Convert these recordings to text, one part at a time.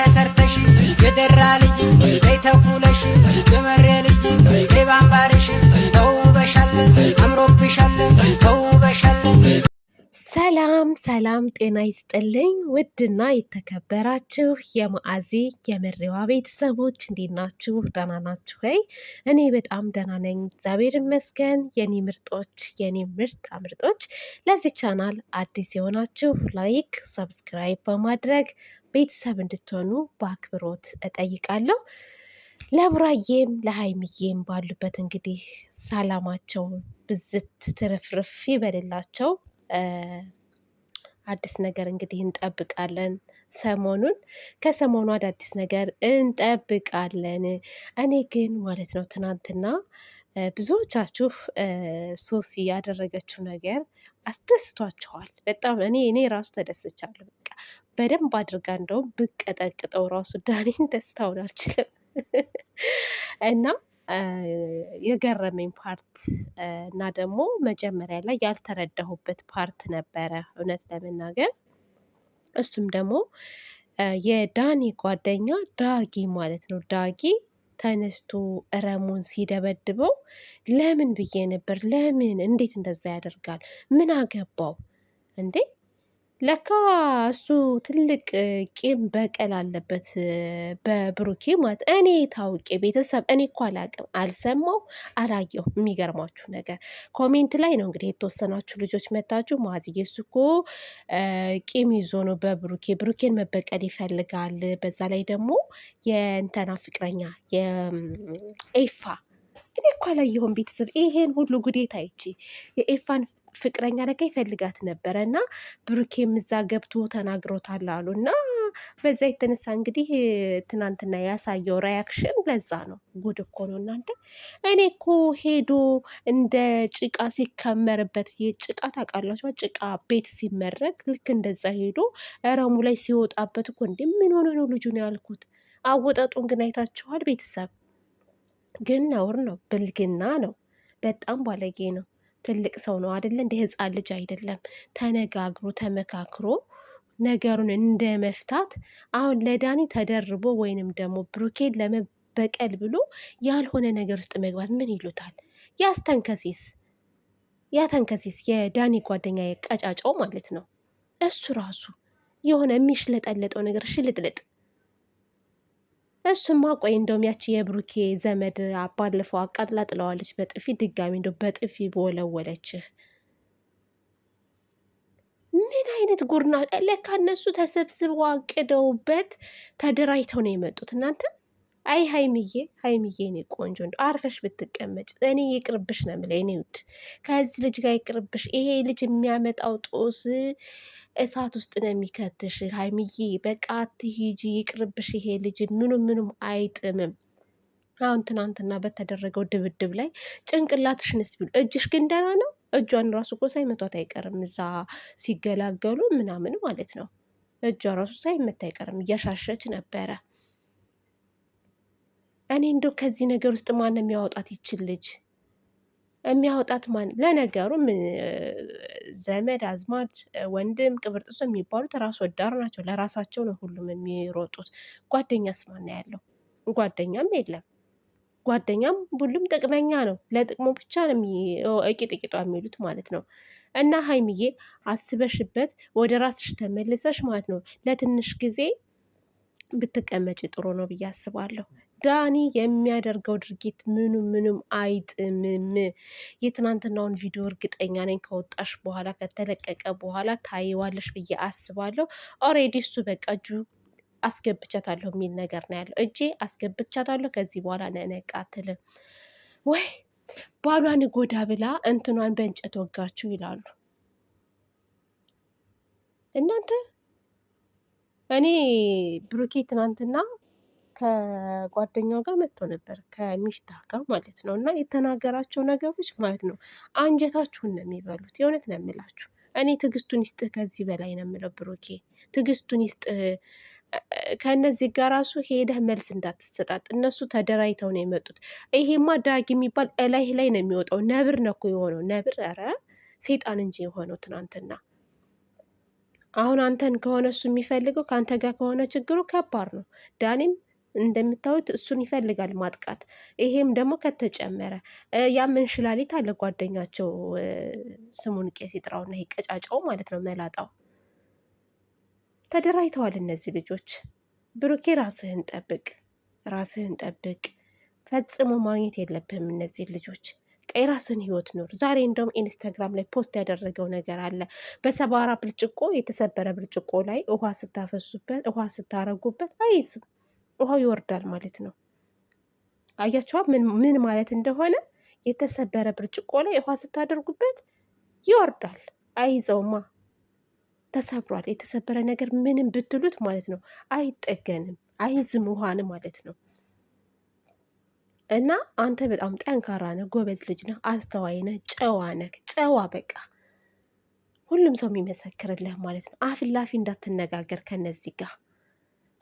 ተሰርተሽ የደራ ልጅ በይ ተኩለሽ የመሬ ልጅ ባንባርሽ ባምባርሽ ተውበሻለን አምሮብሻለን ተውበሻለን። ሰላም ሰላም፣ ጤና ይስጥልኝ ውድና የተከበራችሁ የማዓዚ የመሪዋ ቤተሰቦች እንዴት ናችሁ? ደህና ናችሁ ወይ? እኔ በጣም ደህና ነኝ፣ እግዚአብሔር ይመስገን። የኔ ምርጦች፣ የኔ ምርጥ ምርጦች ለዚህ ቻናል አዲስ የሆናችሁ ላይክ፣ ሰብስክራይብ በማድረግ ቤተሰብ እንድትሆኑ በአክብሮት እጠይቃለሁ። ለቡራዬም ለሀይሚዬም ባሉበት እንግዲህ ሰላማቸው ብዝት ትርፍርፍ ይበልላቸው። አዲስ ነገር እንግዲህ እንጠብቃለን። ሰሞኑን ከሰሞኑ አዳዲስ ነገር እንጠብቃለን። እኔ ግን ማለት ነው ትናንትና ብዙዎቻችሁ ሶሲ ያደረገችው ነገር አስደስቷችኋል። በጣም እኔ እኔ ራሱ ተደስቻለሁ። በደንብ አድርጋ እንደውም ብቀጠቅጠው ራሱ ዳኔን ደስታውን አልችልም። እና የገረመኝ ፓርት እና ደግሞ መጀመሪያ ላይ ያልተረዳሁበት ፓርት ነበረ እውነት ለመናገር እሱም ደግሞ የዳኒ ጓደኛ ዳጊ ማለት ነው። ዳጊ ተነስቶ እረሙን ሲደበድበው ለምን ብዬ ነበር። ለምን እንዴት እንደዛ ያደርጋል? ምን አገባው እንዴ? ለካ እሱ ትልቅ ቂም በቀል አለበት በብሩኬ ማለት። እኔ ታውቄ ቤተሰብ እኔ እኮ አላቅም፣ አልሰማው፣ አላየው። የሚገርማችሁ ነገር ኮሜንት ላይ ነው እንግዲህ የተወሰናችሁ ልጆች መታችሁ ማዝዬ እሱ እኮ ቂም ይዞ ነው በብሩኬ ብሩኬን መበቀል ይፈልጋል። በዛ ላይ ደግሞ የእንተና ፍቅረኛ የኤፋ እኔ እኮ አላየሁም ቤተሰብ ይሄን ሁሉ ጉዴት አይቼ የኤፋን ፍቅረኛ ለካ ይፈልጋት ነበረ እና ብሩኬም እዛ ገብቶ ተናግሮታል አሉ እና በዛ የተነሳ እንግዲህ ትናንትና ያሳየው ሪያክሽን ለዛ ነው። ጉድ እኮ ነው እናንተ። እኔ እኮ ሄዶ እንደ ጭቃ ሲከመርበት ጭቃ ታውቃላችሁ፣ ጭቃ ቤት ሲመረግ ልክ እንደዛ ሄዶ ረሙ ላይ ሲወጣበት እኮ እንዲ ምን ሆነ ነው ልጁን ያልኩት። አወጣጡን ግን አይታችኋል ቤተሰብ። ግን ነውር ነው፣ ብልግና ነው፣ በጣም ባለጌ ነው። ትልቅ ሰው ነው አይደለ? እንደ ህፃን ልጅ አይደለም። ተነጋግሮ ተመካክሮ ነገሩን እንደ መፍታት አሁን ለዳኒ ተደርቦ ወይንም ደግሞ ብሩኬን ለመበቀል ብሎ ያልሆነ ነገር ውስጥ መግባት ምን ይሉታል? ያስተንከሲስ ያተንከሲስ የዳኒ ጓደኛ የቀጫጫው ማለት ነው። እሱ ራሱ የሆነ የሚሽለጠለጠው ነገር ሽልጥልጥ እሱማ ቆይ እንደውም ያቺ የብሩኬ ዘመድ ባለፈው አቃጥላ ጥለዋለች በጥፊ ድጋሚ እንደ በጥፊ በወለወለችህ። ምን አይነት ጉርና ለካ እነሱ ተሰብስበው አቅደውበት ተደራጅተው ነው የመጡት። እናንተ አይ ሀይምዬ ሀይምዬ ኔ ቆንጆ እንደ አርፈሽ ብትቀመጭ እኔ ይቅርብሽ ነው የምለው። እኔ ውድ ከዚህ ልጅ ጋር ይቅርብሽ። ይሄ ልጅ የሚያመጣው ጦስ እሳት ውስጥ ነው የሚከትሽ ሀይሚዬ በቃ አትሂጂ ይቅርብሽ ይሄ ልጅ ምኑም ምኑም አይጥምም አሁን ትናንትና በተደረገው ድብድብ ላይ ጭንቅላትሽንስ ቢሉ እጅሽ ግን ደህና ነው እጇን ራሱ እኮ ሳይመቷት አይቀርም እዛ ሲገላገሉ ምናምን ማለት ነው እጇ ራሱ ሳይመታ አይቀርም እያሻሸች ነበረ እኔ እንደው ከዚህ ነገር ውስጥ ማን የሚያወጣት ይችል ልጅ የሚያወጣት ማን? ለነገሩ ዘመድ አዝማድ፣ ወንድም ቅብርጥሶ የሚባሉት ራስ ወዳር ናቸው። ለራሳቸው ነው ሁሉም የሚሮጡት። ጓደኛስ ማን ያለው? ጓደኛም የለም። ጓደኛም ሁሉም ጥቅመኛ ነው። ለጥቅሙ ብቻ ነው እቂ የሚሉት ማለት ነው። እና ሀይሚዬ አስበሽበት ወደ ራስሽ ተመልሰሽ ማለት ነው ለትንሽ ጊዜ ብትቀመጭ ጥሩ ነው ብዬ አስባለሁ። ዳኒ የሚያደርገው ድርጊት ምኑም ምኑም አይጥምም። የትናንትናውን ቪዲዮ እርግጠኛ ነኝ ከወጣሽ በኋላ ከተለቀቀ በኋላ ታይዋለሽ ብዬ አስባለሁ። ኦሬዲ እሱ በቃ እጁ አስገብቻታለሁ የሚል ነገር ነው ያለው። እጄ አስገብቻታለሁ ከዚህ በኋላ ነነቃ አትልም ወይ ባሏን ጎዳ ብላ እንትኗን በእንጨት ወጋችሁ ይላሉ እናንተ። እኔ ብሩኬ ትናንትና ከጓደኛው ጋር መጥቶ ነበር ከሚፍታ ጋር ማለት ነው። እና የተናገራቸው ነገሮች ማለት ነው አንጀታችሁን ነው የሚበሉት። የእውነት ነው የምላችሁ። እኔ ትዕግስቱን ይስጥህ ከዚህ በላይ ነው የምለው ብሩኬ፣ ትዕግስቱን ይስጥህ። ከእነዚህ ጋር ራሱ ሄደህ መልስ እንዳትሰጣጥ። እነሱ ተደራጅተው ነው የመጡት። ይሄማ ዳግ የሚባል እላይህ ላይ ነው የሚወጣው። ነብር ነኮ የሆነው ነብር፣ ኧረ ሴጣን እንጂ የሆነው ትናንትና። አሁን አንተን ከሆነ እሱ የሚፈልገው ከአንተ ጋር ከሆነ ችግሩ ከባድ ነው ዳኒም እንደምታዩት እሱን ይፈልጋል ማጥቃት። ይሄም ደግሞ ከተጨመረ ያም ሽላሊት አለ ጓደኛቸው ስሙን ቄስ ይጥራውና ይሄ ቀጫጫው ማለት ነው መላጣው። ተደራጅተዋል እነዚህ ልጆች። ብሩኬ ራስህን ጠብቅ፣ ራስህን ጠብቅ። ፈጽሞ ማግኘት የለብህም እነዚህ ልጆች። ቀይ ራስን ህይወት ኑር። ዛሬ እንደውም ኢንስታግራም ላይ ፖስት ያደረገው ነገር አለ። በሰባራ ብርጭቆ የተሰበረ ብርጭቆ ላይ ውሃ ስታፈሱበት ውሃ ስታረጉበት አይዝም ውሃው ይወርዳል ማለት ነው። አያችኋ ምን ማለት እንደሆነ። የተሰበረ ብርጭቆ ላይ ውሃ ስታደርጉበት ይወርዳል፣ አይዘውማ ተሰብሯል። የተሰበረ ነገር ምንም ብትሉት ማለት ነው አይጠገንም፣ አይዝም ውሃን ማለት ነው። እና አንተ በጣም ጠንካራ ነህ፣ ጎበዝ ልጅ ነህ፣ አስተዋይ ነህ፣ ጨዋ ነህ። ጨዋ በቃ ሁሉም ሰው የሚመሰክርልህ ማለት ነው። አፍላፊ እንዳትነጋገር ከነዚህ ጋር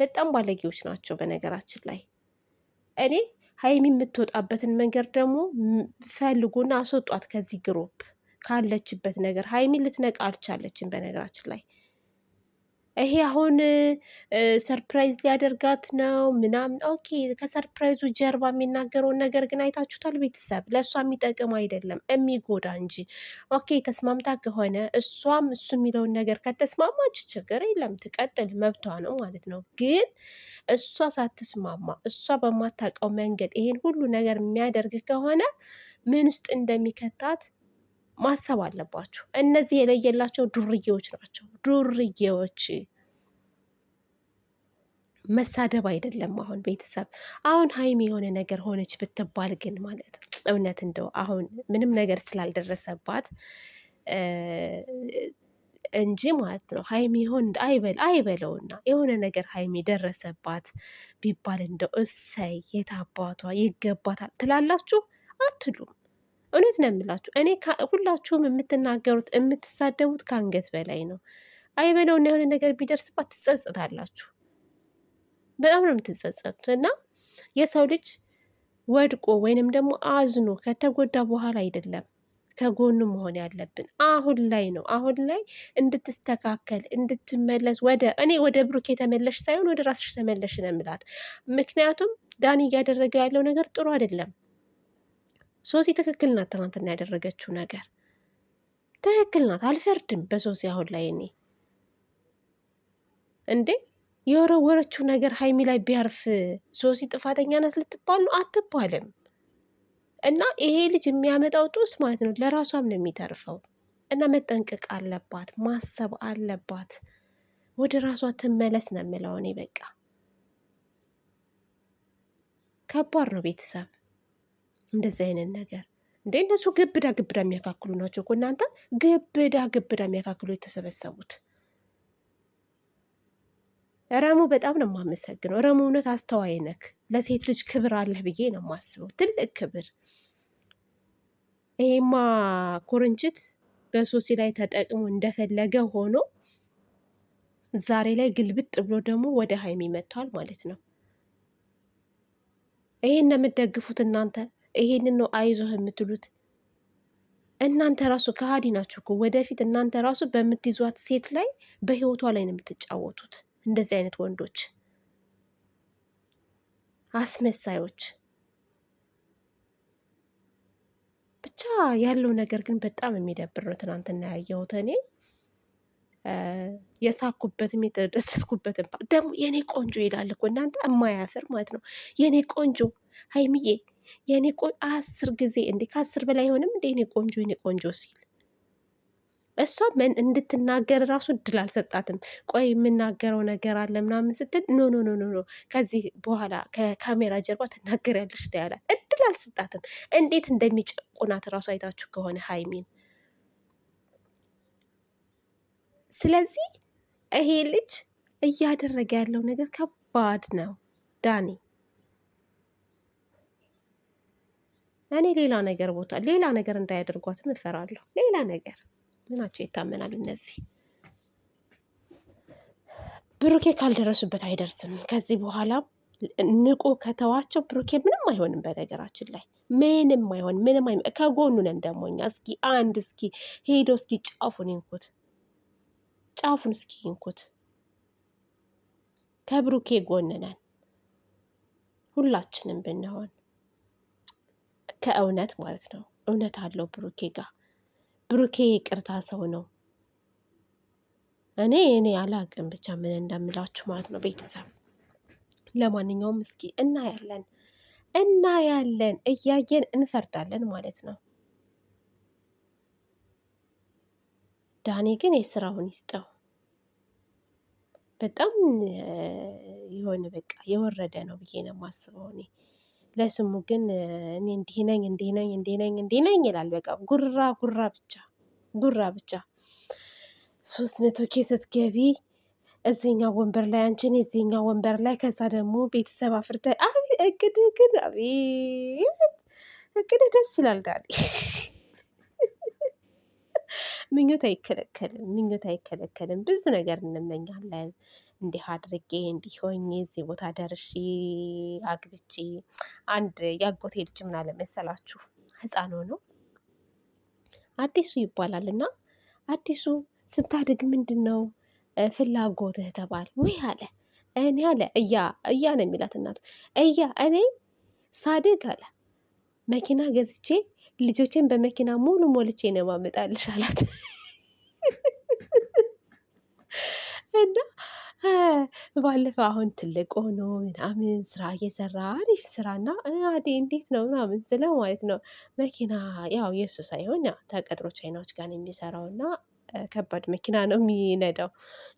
በጣም ባለጌዎች ናቸው። በነገራችን ላይ እኔ ሀይሚ የምትወጣበትን መንገድ ደግሞ ፈልጉና አስወጧት ከዚህ ግሩፕ ካለችበት ነገር። ሀይሚ ልትነቃ አልቻለችም በነገራችን ላይ ይሄ አሁን ሰርፕራይዝ ሊያደርጋት ነው ምናምን። ኦኬ ከሰርፕራይዙ ጀርባ የሚናገረውን ነገር ግን አይታችሁታል ቤተሰብ። ለእሷ የሚጠቅም አይደለም የሚጎዳ እንጂ። ኦኬ ተስማምታ ከሆነ እሷም እሱ የሚለውን ነገር ከተስማማች ችግር የለም ትቀጥል፣ መብቷ ነው ማለት ነው። ግን እሷ ሳትስማማ እሷ በማታውቀው መንገድ ይሄን ሁሉ ነገር የሚያደርግ ከሆነ ምን ውስጥ እንደሚከታት ማሰብ አለባችሁ። እነዚህ የለየላቸው ዱርዬዎች ናቸው። ዱርዬዎች መሳደብ አይደለም። አሁን ቤተሰብ አሁን ሀይሚ የሆነ ነገር ሆነች ብትባል ግን ማለት እውነት እንደው አሁን ምንም ነገር ስላልደረሰባት እንጂ ማለት ነው ሀይሚ ይሆን አይበል አይበለውና የሆነ ነገር ሀይሚ ደረሰባት ቢባል እንደው እሰይ የታባቷ ይገባታል ትላላችሁ አትሉም። እውነት ነው የምላችሁ። እኔ ሁላችሁም የምትናገሩት የምትሳደቡት ከአንገት በላይ ነው። እና የሆነ ነገር ቢደርስባት ትጸጸታላችሁ። በጣም ነው የምትጸጸቱት። እና የሰው ልጅ ወድቆ ወይንም ደግሞ አዝኖ ከተጎዳ በኋላ አይደለም ከጎኑ መሆን ያለብን አሁን ላይ ነው። አሁን ላይ እንድትስተካከል እንድትመለስ፣ ወደ እኔ ወደ ብሩክ የተመለሽ ሳይሆን ወደ ራስሽ ተመለሽ ነው የምላት። ምክንያቱም ዳኒ እያደረገ ያለው ነገር ጥሩ አይደለም። ሶሲ ትክክል ናት። ትናንትና ያደረገችው ነገር ትክክል ናት። አልፈርድም በሶሲ አሁን ላይ እኔ እንዴ የወረወረችው ነገር ሀይሚ ላይ ቢያርፍ ሶሲ ጥፋተኛ ናት ልትባል ነው? አትባልም። እና ይሄ ልጅ የሚያመጣው ጦስ ማለት ነው ለራሷም ነው የሚተርፈው። እና መጠንቀቅ አለባት፣ ማሰብ አለባት፣ ወደ ራሷ ትመለስ ነው የምለው እኔ በቃ ከባድ ነው ቤተሰብ እንደዚህ አይነት ነገር እንደ እነሱ ግብዳ ግብዳ የሚያካክሉ ናቸው እኮ እናንተ ግብዳ ግብዳ የሚያካክሉ የተሰበሰቡት። ረሙ በጣም ነው የማመሰግነው። ረሙ እውነት አስተዋይ ነክ ለሴት ልጅ ክብር አለህ ብዬ ነው የማስበው። ትልቅ ክብር። ይሄማ ኩርንችት በሶሲ ላይ ተጠቅሞ እንደፈለገ ሆኖ ዛሬ ላይ ግልብጥ ብሎ ደግሞ ወደ ሀይሚ መጥቷል ማለት ነው። ይሄን ነው የምትደግፉት እናንተ። ይሄንን ነው አይዞህ የምትሉት? እናንተ ራሱ ከሀዲ ናችሁ እኮ። ወደፊት እናንተ ራሱ በምትይዟት ሴት ላይ በህይወቷ ላይ ነው የምትጫወቱት። እንደዚህ አይነት ወንዶች አስመሳዮች። ብቻ ያለው ነገር ግን በጣም የሚደብር ነው። ትናንትና ያየሁት እኔ የሳኩበትም የተደሰትኩበትም ደግሞ የኔ ቆንጆ ይላል እኮ እናንተ እማያፍር ማለት ነው። የኔ ቆንጆ ሀይምዬ የእኔ አስር ጊዜ እንዴ ከአስር በላይ አይሆንም እንዴ እኔ ቆንጆ ኔ ቆንጆ ሲል እሷ ምን እንድትናገር ራሱ እድል አልሰጣትም። ቆይ የምናገረው ነገር አለ ምናምን ስትል ኖ ኖ ኖ ኖ ከዚህ በኋላ ከካሜራ ጀርባ ትናገሪያለሽ ዳ ያላት እድል አልሰጣትም። እንዴት እንደሚጨቁናት ራሱ አይታችሁ ከሆነ ሀይሚን። ስለዚህ ይሄ ልጅ እያደረገ ያለው ነገር ከባድ ነው ዳኔ። እኔ ሌላ ነገር ቦታ ሌላ ነገር እንዳያደርጓትም እፈራለሁ። ሌላ ነገር ምናቸው ይታመናል እነዚህ ብሩኬ ካልደረሱበት አይደርስም። ከዚህ በኋላ ንቁ ከተዋቸው ብሩኬ ምንም አይሆንም። በነገራችን ላይ ምንም አይሆን ምንም አይ ከጎኑ ነን ደግሞ እኛ። እስኪ አንድ እስኪ ሄዶ እስኪ ጫፉን ይንኩት፣ ጫፉን እስኪ ይንኩት። ከብሩኬ ጎን ነን ሁላችንም ብንሆን ከእውነት ማለት ነው። እውነት አለው ብሩኬ ጋ ብሩኬ ይቅርታ ሰው ነው። እኔ እኔ አላቅም ብቻ ምን እንደምላችሁ ማለት ነው ቤተሰብ። ለማንኛውም እስኪ እናያለን እናያለን እያየን እንፈርዳለን ማለት ነው። ዳኔ ግን የስራውን ይስጠው። በጣም የሆነ በቃ የወረደ ነው ብዬ ነው የማስበው እኔ። ለስሙ ግን እኔ እንዲህ ነኝ እንዲህ ነኝ እንዲህ ነኝ እንዲህ ነኝ ይላል። በቃ ጉራ ጉራ ብቻ ጉራ ብቻ። ሶስት መቶ ኬ ስትገቢ እዚኛ ወንበር ላይ አንቺን የዚኛ ወንበር ላይ ከዛ ደግሞ ቤተሰብ አፍርተ እቅድ ግን አቤት እቅድ ደስ ይላል። ዳኒ ምኞት አይከለከልም፣ ምኞት አይከለከልም። ብዙ ነገር እንመኛለን። እንዲህ አድርጌ እንዲህ ሆኜ እዚህ ቦታ ደርሺ አግብቺ አንድ ያጎቴ ልጅ ምን አለ መሰላችሁ ህፃኖ ነው አዲሱ ይባላል እና አዲሱ ስታድግ ምንድን ነው ፍላጎትህ ተባል ወይ አለ እኔ አለ እያ እያ ነው የሚላት እናቱ እያ እኔ ሳድግ አለ መኪና ገዝቼ ልጆቼን በመኪና ሙሉ ሞልቼ ነው ማመጣልሽ አላት እና ባለፈው አሁን ትልቅ ሆኖ ምናምን ስራ እየሰራ አሪፍ ስራና አዴ እንዴት ነው ምናምን ስለው ማለት ነው መኪና ያው የእሱ ሳይሆን ተቀጥሮ ቻይናዎች ጋር የሚሰራው እና ከባድ መኪና ነው የሚነዳው።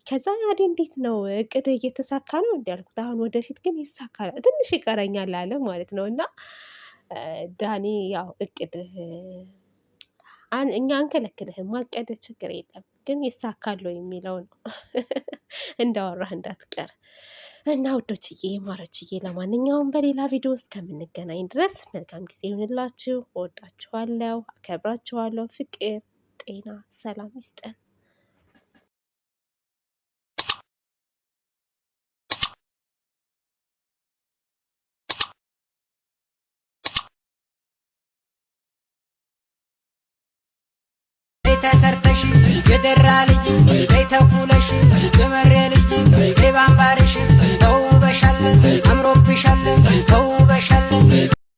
ከዛ አዴ እንዴት ነው እቅድ እየተሳካ ነው እንዲያልኩት፣ አሁን ወደፊት ግን ይሳካል ትንሽ ይቀረኛል አለ ማለት ነው እና ዳኔ ያው እቅድ እኛ አንከለክልህም፣ ማቀደ ችግር የለም ግን ይሳካሉ የሚለው ነው። እንዳወራህ እንዳትቀር እና ውዶችዬ፣ ማሮችዬ፣ ለማንኛውም በሌላ ቪዲዮ እስከምንገናኝ ድረስ መልካም ጊዜ ይሁንላችሁ። እወዳችኋለሁ፣ አከብራችኋለሁ። ፍቅር፣ ጤና፣ ሰላም ይስጠን። ተሰርተ tell